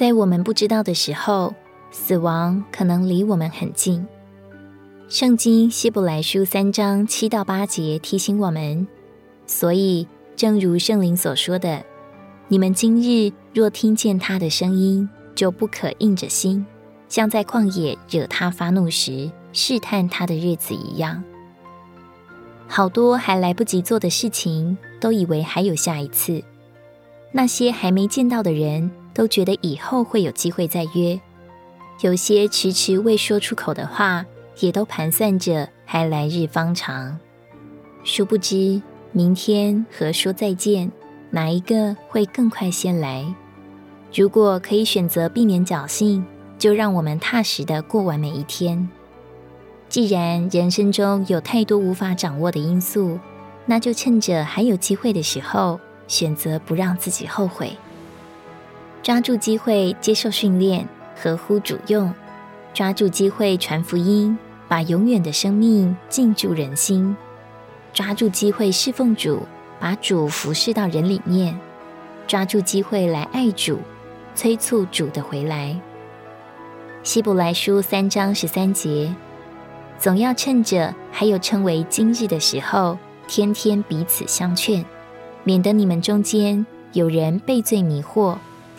在我們不知道的時候，死亡可能離我們很近。聖經希伯來書三章七到八節提醒我們，所以正如聖靈所說的：“你們今日若聽見他的聲音，就不可硬着心，像在曠野惹他發怒時試探他的日子一樣。”好多還來不及做的事情，都以為還有下一次；那些還沒見到的人，都覺得以後會有機會再約，有些遲遲未說出口的話，也都盤算着還來日方長。殊不知，明天和說再見，哪一個會更快先來？如果可以選擇避免僥倖，就讓我們踏實的過完每一天。既然人生中有太多無法掌握的因素，那就趁着還有機會的時候，選擇不讓自己後悔。抓住機會接受訓練，合乎主用；抓住機會傳福音，把永遠的生命進駐人心；抓住機會侍奉主，把主服侍到人裡面；抓住機會來愛主，催促主的回來。希伯來書三章十三節，總要趁着還有稱為今日的時候，天天彼此相勸，免得你們中間有人被罪迷惑。